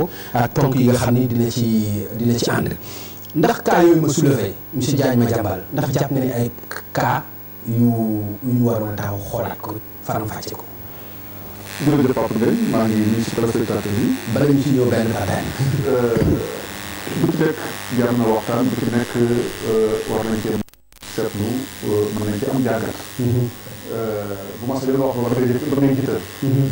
ko ak tonk yi nga xam ni dina ci dina ci ànd ndax cas yooyu ma soulevé monsieur Diagne Madiambal ndax jàpp na ni ay cas yu yu waroon a taxaw xoolaat ko faram fàcce ko. jërëjëf Pape Ndeye maa ngi nuyu si téléspectateurs yi. bala ñu ci ñëw benn bataay. Euh, bu ci nekk jar na waxtaan bu ci nekk euh, war nañ cee. surtout eh, mën nañ ci am jàngat. Eh, bu ma sañoon wax loolu ba daf may jiital.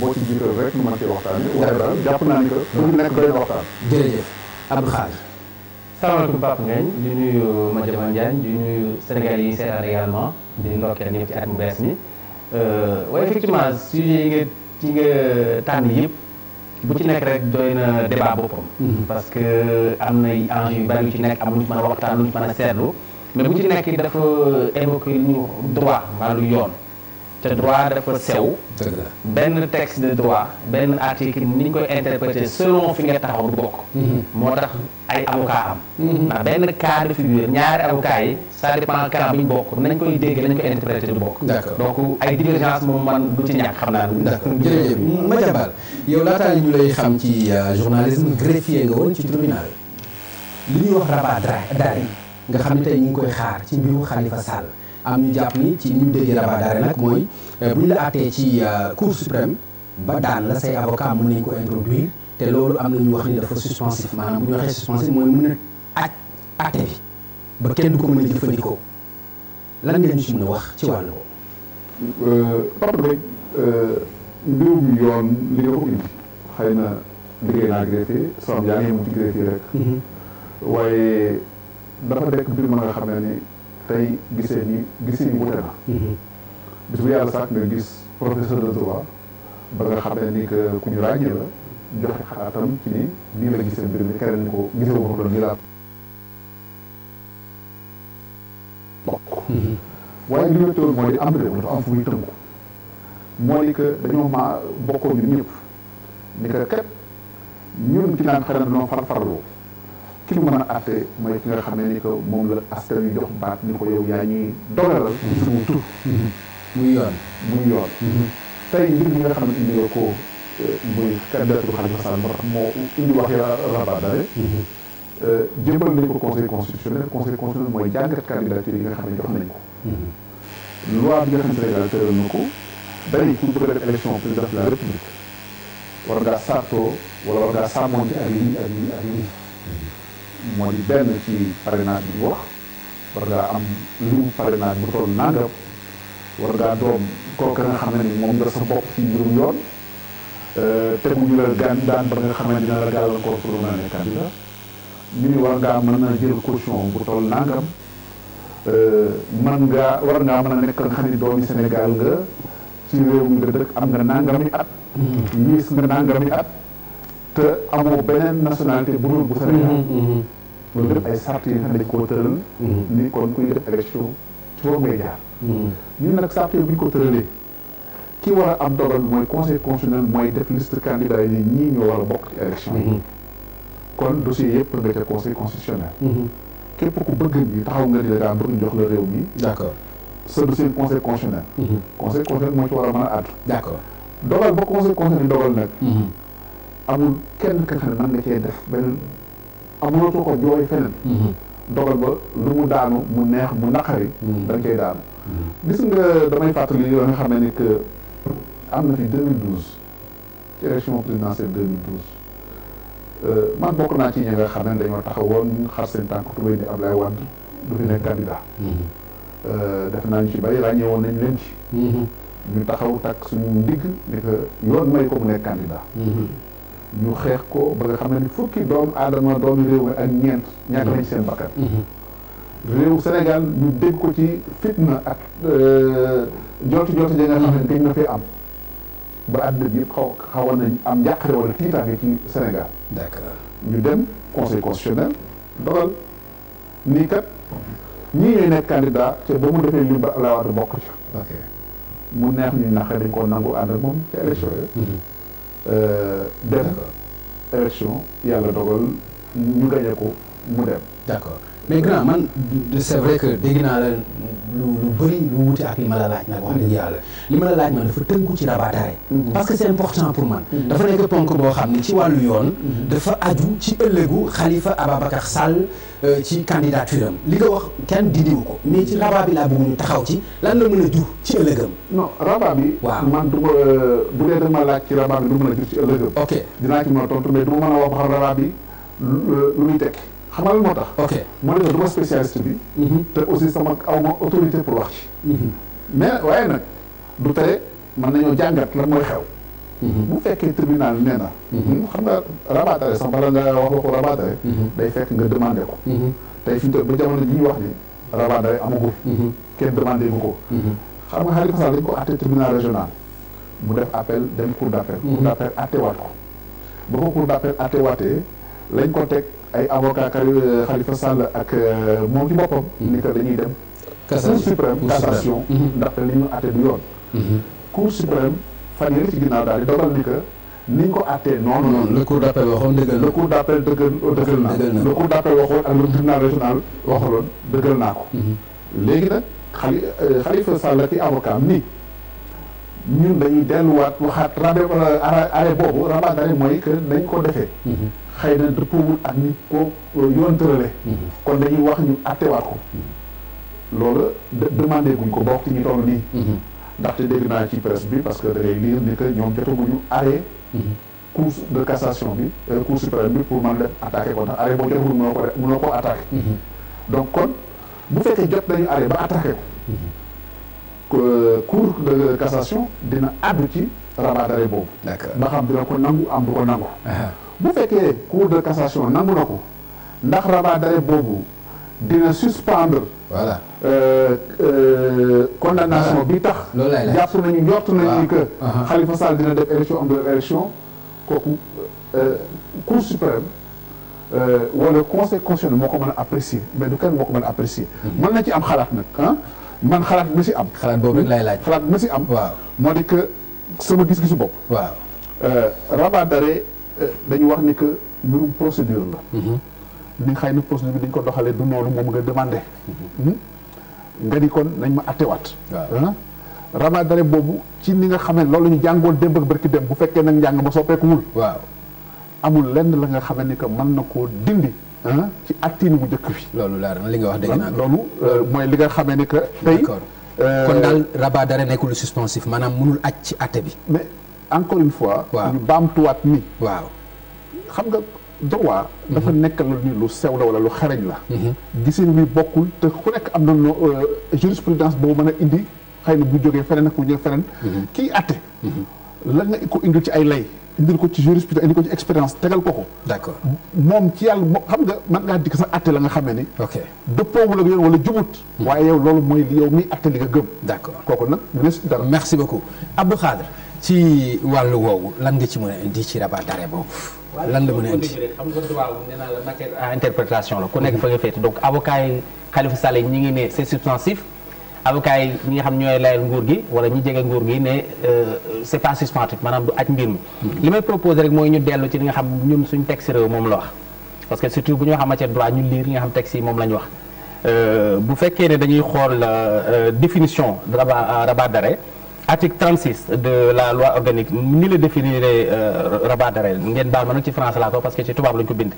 boo ci jiital rek nu mën cee waxtaanee. waaye daal jàpp naa ni que bu nekk doy na waxtaan. jërëjëf Abdou Khadre. salaamaaleykum Pape Ngagne di nuyu Madiambal Diagne di nuyu Sénégal yi seetaan également di ndokkeel ñëpp ci at mu bees mi eh, waaye effectivement sujet yi ci nga tànn yëpp bu ci nekk rek doy na débat boppam. Mhm. parce que am na enjeux yu bari yu ci nekk am lu ñu mën a waxtaan lu ñu mën a seetlu. mais bu ci nekk dafa évoqué lu ñu droit maanaam lu yoon te droit dafa sew benn texte de droit benn article ni ñu koy interprété selon fi nga taxaw du bokk mhm. moo tax ay avocat am mhm. ndax benn cas de figure ñaari avocat yi ça dépend bokk nañ koy dégg nañ koy interprété du bokk donc ay divergence moom man du ci ñàkk xam naa d'accord jërëjëf ma jàmbal yow laataa li ñu lay xam ci euh, journalisme greffier nga woon ci tribunal li ñuy wax rabat d'arrêt nga xam ne tey ñu ngi koy xaar ci mbiru Khalifa Sall am ñu jàpp ni ci ñu déggee rabadaare nag mooy euh, bu ñu la àttee ci euh, cour suprême ba daan la say avocat mën nañ ko introduire te loolu am na ñu wax ni dafa suspensif maanaam bu ñu waxee suspensif mooy mën a àtte bi ba kenn du ko mën a jëfandikoo lan ngeen ci mën a wax ci wàll boobu. Euh, Pape rek mbirum yoon li nga ko indi xëy na liggéey naa greffier Soxna yaa ngi mu ci greffier rek mm-hmm. dafa nekk mbir ma nga xam ne ni tey gisee ni gisee ni wute na mm-hmm. bis bu yàlla sàkk nga gis professeur de droit ba nga xam ne ni que ku ñu ràññee la joxe xalaatam ci ni nii la gisee mbir mi keneen ni ko gisee wu ko doon laa bokk mm-hmm. waaye li wétoon mooy di am réew dafa am fu muy tënku moo ni que dañoo maa bokkoon ñun ñëpp ni que kat ñun ci naan xëy na dañoo farfarloo ki ñu a atte mooy ki nga xam ne ni que moom la askan wi jox baat ni ko yow yaa ñuy dogalal suñu tur muy yoon muy yoon tey mbir mi nga xam ne indi ko eh, muy candidature Khalifa Sall moo tax moo indi wax ya rabat dare eh, jëmbal nañ ko conseil constitutionnel conseil constitutionnel mooy jàngat candidature yi nga xam ne jox nañ ko loi bi nga xam ne Sénégal tëral na ko dañu ku bëgg a def élection président de la république war ngaa sartoo wala war ngaa sàmmoonte ak lii moo di benn ci parrainage bi ñu wax war ngaa am lu parrainage bu toll nangam war ngaa doom kooka nga xam moom nga sa bopp ci mbirum yoon euh, teguñu la gan daan ba nga xam ne dina la gàllankoor pour mën a nekk candidat ñu ni ngaa a jël caution bu toll nangam euh, mën war ngaa mën a nekk nga xam ne doomi Sénégal nga ci réew mi nga dëkk am nga nangami at. miis mm-hmm. nga nangami at. te amoo beneen nationalité bu dul bu Sénégal. Mm-hmm, mm-hmm. loolu lépp sa sart yi nga xam ne dañ tëral. Mm-hmm. ni kon kuy def élection ci foofu ngay jaar. nag sart yi bu ko tëralee ki war a am dogal mooy conseil constitutionnel mooy def list candidat yi ñii ñoo war a bokk ci élection yi. kon dossier yëpp nga ca conseil constitutionnel. képp ku bëgg ñu taxaw nga di la daan bëgg jox la réew mi. d'accord sa dossier conseil constitutionnel. conseil moo ci war a mën a àddu. d'accord dogal ba conseil constitutionnel dogal nag. amul kenn ka xam ne mën nga cee def benn amuloo soo ko jooy feneen mhm. dogal ba lu mu daanu mu neex mu naqari mhm. da nga cay daanu mhm. gis nga damay fàttali yoo nga xamee ni que am na fi 2012 ci élection présidentielle 2012 euh, man bokk naa ci ñi nga xam ne dañoo taxawoon xar seen tànk tubéy ni Ablaye Wade du fi nekk candidat euh, def naa ñu ci bari laa woon nañ leen ci ñu taxaw takk suñu ndigg ni que yoon may ko mu nekk candidat ñu xeex ko ba nga xam ne ni fukki doomu aadama doomu réew mi ak ñeent ñàkk nañ seen bakkan mhm. réew Sénégal ñu dégg ko ci fitna ak euh, jolti jolti ja nga xam ne na fee am ba àddina bi yëpp xaw xawoon am njàqare wala tiitaange ci Sénégal d'accord ñu dem conseil constitutionnel dogal nii kat ñii ñooy nekk candidat te ba mu defee li ba la war bokk ca mu neex ñu naqare dañ koo nangu ànd moom ci élection Euh, dem élection yàlla dogal ñu gañe ko mu dem. d'accord mais grand man c' est que dégg naa la lu lu bëri lu wuti ak li ma la laaj nag wax dëgg li ma la laaj man dafa tënku ci rabatare mhm. parce que c' est important pour man mhm. dafa nekk ponk boo xam ne ci wàllu yoon mhm. dafa aju ci ëllëgu Khalifa Ababacar Sall euh, ci candidature am li nga wax kenn dindiwu ko mais ci rabat bi laa bu ñu taxaw ci lan la mën a jur ci ëllëgam non rabat bi man du ma euh, bu dee dama laaj ci rabat bi du mën a jur ci ëllëgam ok dinaa ci mën a tontu mais du a wax ba lu muy tekk xam nga moo tax. ok ma ne ko du ma spécialiste bi. Mhm. te aussi sama aw ma autorité pour wax ci. Mhm. mais waaye nag du tere mën nañoo jàngat lan mooy xew. Mhm. bu fekkee tribunal nee na. Hmm, xam nga rabattre sax bala nga wax la ko day fekk nga demande ko. tey fi mu toll ba jamono ji ñuy wax ni rabattre amagul. kenn demandé bu ko. xam nga Khalifa Sall lañ ko àtte tribunal régional. mu def appel dem cour d' appel. cour d' appel àttewaat ko. ba ko cour d' appel àttewaatee lañ ko teg. ay avocat euh, Khalifa Sall ak euh, moom ci boppam. Mm-hmm. ni que dañuy dem. Cour suprême cassation mm-hmm. ndaxte li ñu àtte du yoon. Mm-hmm. Cour suprême fan yële ci ginnaaw daal di dogal ni que ñu ko àttee noonu. noonu le cour d'appel waxoon dëggal. le cour d'appel dëggal euh, dëggal naa ko. le cour d'appel waxoon ak le tribunal régional waxaloon dëggal naa ko. léegi nag xali Khalifa Sall ak i avocat nii ñun dañuy delluwaat waxaat rabais arrêt boobu rabat d'arrêt mooy que nañ koo defee. xëy na dëppoowul ak ni ko yoon tërale mhm. kon dañuy wax ñu attewaat ko mhm. loolu demandé guñ ko bokk ci ñu toll nii mhm. ndaxte dégg naa ci presse bi parce que da ngay lire ni que ñoom jotaguñu arrêt cour de cassation bi euh, cour suprême bi pour mën a def attaqué ko ndax arrêt boo jotagul mënoo ko mënoo donc kon bu fekkee jot nañu arrêt ba attaqué ko euh, cour de cassation dina addu ci rabat d'arrêt boobu ba xam dina ko nangu am du ko nangu ah. bu fekkee cour de cassation nangu na ko ndax rabat d'arrêt boobu dina suspendre. voilà euh, euh, condamnation bi tax. loolu laay jàpp nañu njort nañu que. Uh-huh. Khalifa Sall dina def élection am def élection kooku euh, cour suprême wala conseil constitutionnel moo ko mën a apprécier mais du kenn moo ko mën a apprécier. Hmm. mën na ci am xalaat nag ah man xalaat bi ma si am. xalaat boobu rek laay laaj. xalaat bi ma si am. waaw moo di que sama gis-gisu bopp. waaw rabat dañu wax ni que mbirum procédure la. Mhm. ni xëy na procédure bi dañ ko doxalee du noonu moom nga demandé. Mhm. Hmm? nga ni kon nañ ma attewaat. waaw ramadare boobu ci ni nga xam ne loolu la ñu jàngoon démb ak barki dem bu fekkee nag njàng ma soppeekuwul. waaw amul lenn la nga xam ni que mën na koo dindi. ci attin bu njëkk bi. loolu leer na li nga wax dégg naa euh, loolu mooy li nga xamee ni que. tey euh, kon daal rabat dara nekkul suspensif maanaam mënul aj ci atte bi. encore une fois. ñu baamtuwaat ni waaw xam nga droit. dafa mhm. nekk lu sew la wala lu xarañ la. Mhm. gisin bi bokkul te ku nekk am na no euh, jurisprudence boobu mën a indi xay na bu jógee feneen ak bu ñëwee feneen. Mhm. kii àtte. la nga ko indil ci ay lay. indil ko ci jurisprudence indil ko ci expérience tegal ko ko. d'accord moom ci yàlla moo xam nga mën ngaa dikk sax àtte la nga xamee ni. ok dëppoowul ak yoon wala jubut. waaye yow loolu mooy yow miy àtte li nga gëm. d'accord kooku nag dina si dara. merci beaucoup Abdou Khadre. ci wàll woowu lan nga ci mën a indi ci rabat d'arrêt boobu. lan la mën a indi xam nga droit nee naa la matière à ah, interprétation la ku nekk mhm. fa nga féete donc avocat yi Khalifa Sall ñi ngi ne c'est substantif avocat yi ñi nga xam ñooy layal nguur gi wala ñi jege nguur gi ne euh, c'est pas suspensif maanaam du aj mbir mi. Mhm. li may proposer rek mooy ñu dellu ci li nga xam ñun suñu texte réew moom la wax parce que surtout bu ñu wax matière droit ñu lire li nga xam texte moom la ñu wax euh, bu fekkee ne dañuy xool euh, définition rabat rabat article 36 de la loi organique ni la définir euh, rabat d'arrêt ngeen baal ma nag ci français laa ko parce que ci tubaab lañu ko bind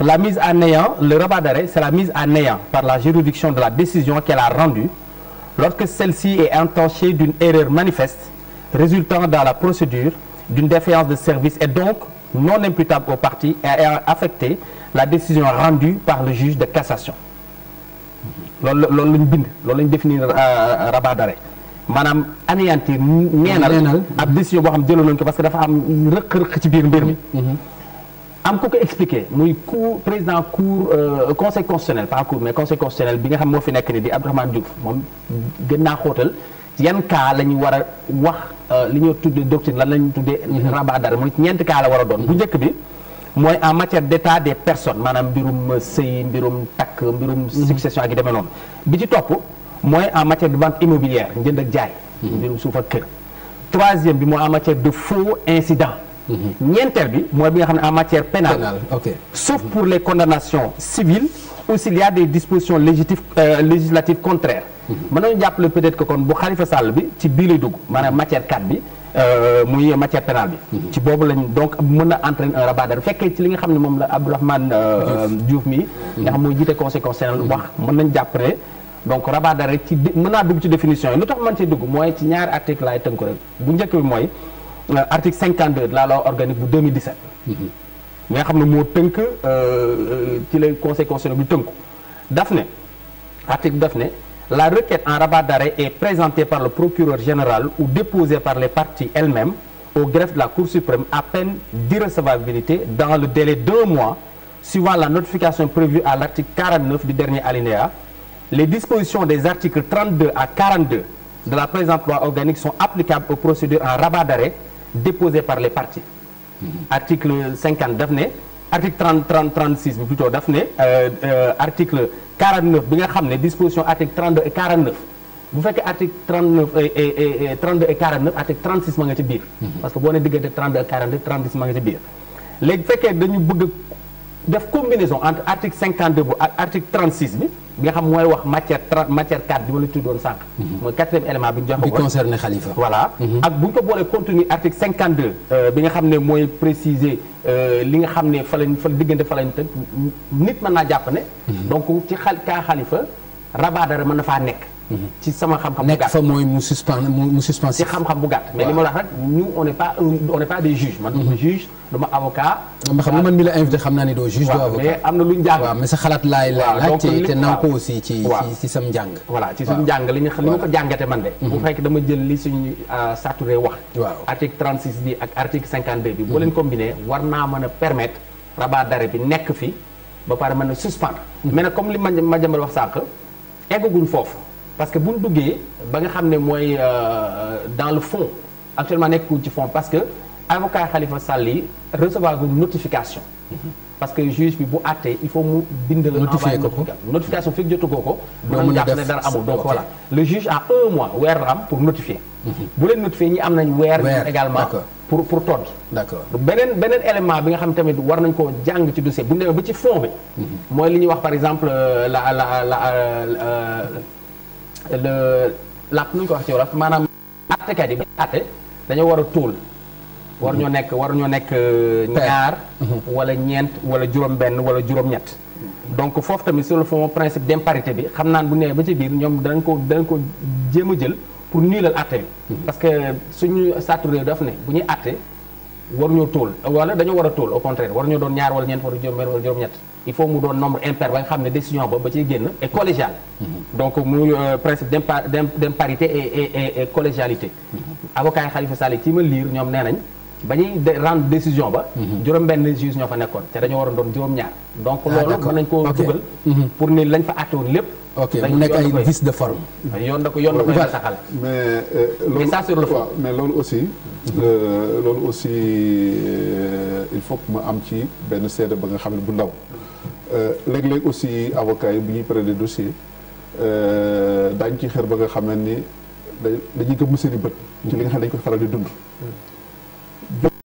la mise en néant le rabat d'arrêt c'est la mise à néant par la juridiction de la décision qu'elle a rendue lorsque celle-ci est entachée d'une erreur manifeste résultant dans la procédure d'une défaillance de service et donc non imputable aux parties et affecté la décision rendue par le juge de cassation loolu loolu la ñu bind loolu la ñu définir euh, rabat d'arrêt maanaam anéantir neenal ab décision boo xam jëloon nañ ko parce que dafa am rëq-rëq ci biir mbir mi mm-hmm. am ku ko expliqué muy cour président cour euh, conseil constitutionnel pas cour mais conseil constitutionnel bi nga xam moo fi nekk ni di Abdourahmane Diouf moom gën naa xóotal yan kaa la ñu war a wax euh, li ñoo tuddee doctrine lan la ñu tuddee mm-hmm. rabat d'arrêt mu ñeent kaa la war a doon bu njëkk bi mooy en matière d'état des personnes maanaam mbirum sëy mbirum takk mbirum mm-hmm. succession ak yi demee noonu mooy en matière de vente immobilière njënd ak jaay. mbirum suuf ak kër. troisième bi mooy en matière de faux incident. Mhm. ñeenteel bi mooy bi nga xam ne en matière pénale. pénale ok sauf mhm. pour les condamnations civiles ou s'il a des dispositions légitives euh, législatives contraires. Mhm. mën nañu jàppale peut-être que kon bu Khalifa Sall bi ci biir lay dugg maanaam matière 4 bi. Euh, muy matière pénale bi. ci boobu lañ donc mën a entraîner un rabat d'arrêt fekkee ci li nga xam ne moom la Abdourahmane euh, Diouf mi nga xam mooy jiite conseil constitutionnel wax mën nañ jàpp donc rabat d'arrêt rek ci mën naa dugg ci définition yi lu tax mën ci dugg mooy ci ñaari article laay tënk rek bu njëkk bi mooy euh, article 52 de la loi organique bu 2017 mi mhm. nga xam ne moo tënk euh, euh, ci lay conseil constitutionnel bi tënku daf ne article daf ne la requête en rabat d'arrêt est présentée par le procureur général ou déposée par les parties elles-mêmes au greffe de la Cour suprême à peine d'irrecevabilité dans le délai d'un mois suivant la notification prévue à l'article 49 du dernier alinéa les dispositions des articles 32 à 42 de la présente loi organique sont applicables aux procédures en rabat d'arrêt déposées par les parties. Mm cinquante article 50 daf ne article 30 30 36 bi plutôt daf ne euh, euh, article 49 bi nga xam ne disposition article 32 et bu fekkee article trent et, et, et 32 et ma nga ci biir. Mhm. parce que boo nee diggante 32 et 42 36 ma nga ci biir léegi fekkee dañu bëgg. def combinaison entre article 52 bu ak article 36 bi bi nga xam mooy wax matière matière 4 bi ma la tuddoon sànq. Mhm. mooy quatrième élément bi ñu joxe. bi concerné xalifa. voilà mhm. ak bu ñu ko boolee contenu euh, nga xam ne mooy préciser euh, li nga xam ne fa lañ fa diggante fa lañ tënk nit mën naa jàpp ne. Mhm. donc ci xal kaa xalifa rabaadara mën na faa nekk. ci sama xam-xam bu gàtt mais li ma wax rek nous on n'est pas on n'est pas des juges man duma mhm. juge duma avocat ma xam ne man la invité xam naa ne doo juge na waaw mais sa xalaat laay laaj te naw ko aussi ma ko jàngate man de mhm. bu fekk dama jël li suñu euh, saturé wax article 36 bi ak article 52 bi boo leen mhm. combiné war naa mën a permettre rabat d'arrêt bi nekk fi ba pare mën a suspendre mais nag comme li ma ma jëmbal wax sànq eggaguñ foofu parce que bu ñu duggee ba nga xam ne mooy euh, dans le fond actuellement nekkul ci fond parce que avocat Khalifa Sall yi recevoir gu notification. parce que juge bi bu àttee il faut mu bind la. notifié ko ko notification fekk jotagoo ko. doo mën a def dara amul donc voilà le juge a un mois weer la am pour notifier. Mhm. bu leen notifié ñi am nañ weer. également pour pour todd. d'accord beneen beneen élément bi nga xam ne tamit war nañ koo jàng ci dossier bu ñu demee ba ci fond bi. Mhm. mooy li ñuy wax par exemple euh, la la la. Euh, le làpp nu ñu ko wax ci wolof maanaam attekat yi ba atte dañoo war a tóol war ñoo mhm. nekk war ñoo nekk ñaar mhm. wala ñeent wala juróom-benn wala juróom-ñett mhm. donc foofu tamit sur le fond principe d'imparité bi xam naan bu nee ba ci biir ñoom danañ ko danañ ko jéem a jël pour nuilal atte bi parce que suñu saturé daf ne bu ñuy atte waruñoo tóol wala dañoo war a tóol au contraire waruñoo doon ñaar wala ñeent wala juróom-benn wala juróom-ñett il faut mu doon nombre impair ba nga xam ne décision ba ba ciy génn est collégiale mm-hmm. donc mu euh, principe d'imparité et et collégialité mm-hmm. avocat yi Khalifa ci ma liir ñoom nee nañ ba ñuy rendre décision ba mhm. juróom-benn juge ñoo fa nekkoon te dañoo waroon doon juróom-ñaar donc loolu ah, mën nañ koo dugal mhm. pour ni lañ fa àtte woon lépp ok mu nekk ay vice de forme yoon da ko yoon da koy saxal mais euh, loolu ça sur le fond mais loolu aussi mhm. euh, loolu aussi euh, il faut que ma am ci benn seede ba nga xam ne bu ndaw léeg-léeg aussi avocat yi bu ñuy prendre dossier daañ ci xer ba nga xam ne ni dañuy gëm seeni bët ci li nga xam ne dañ koy faral di dund mm.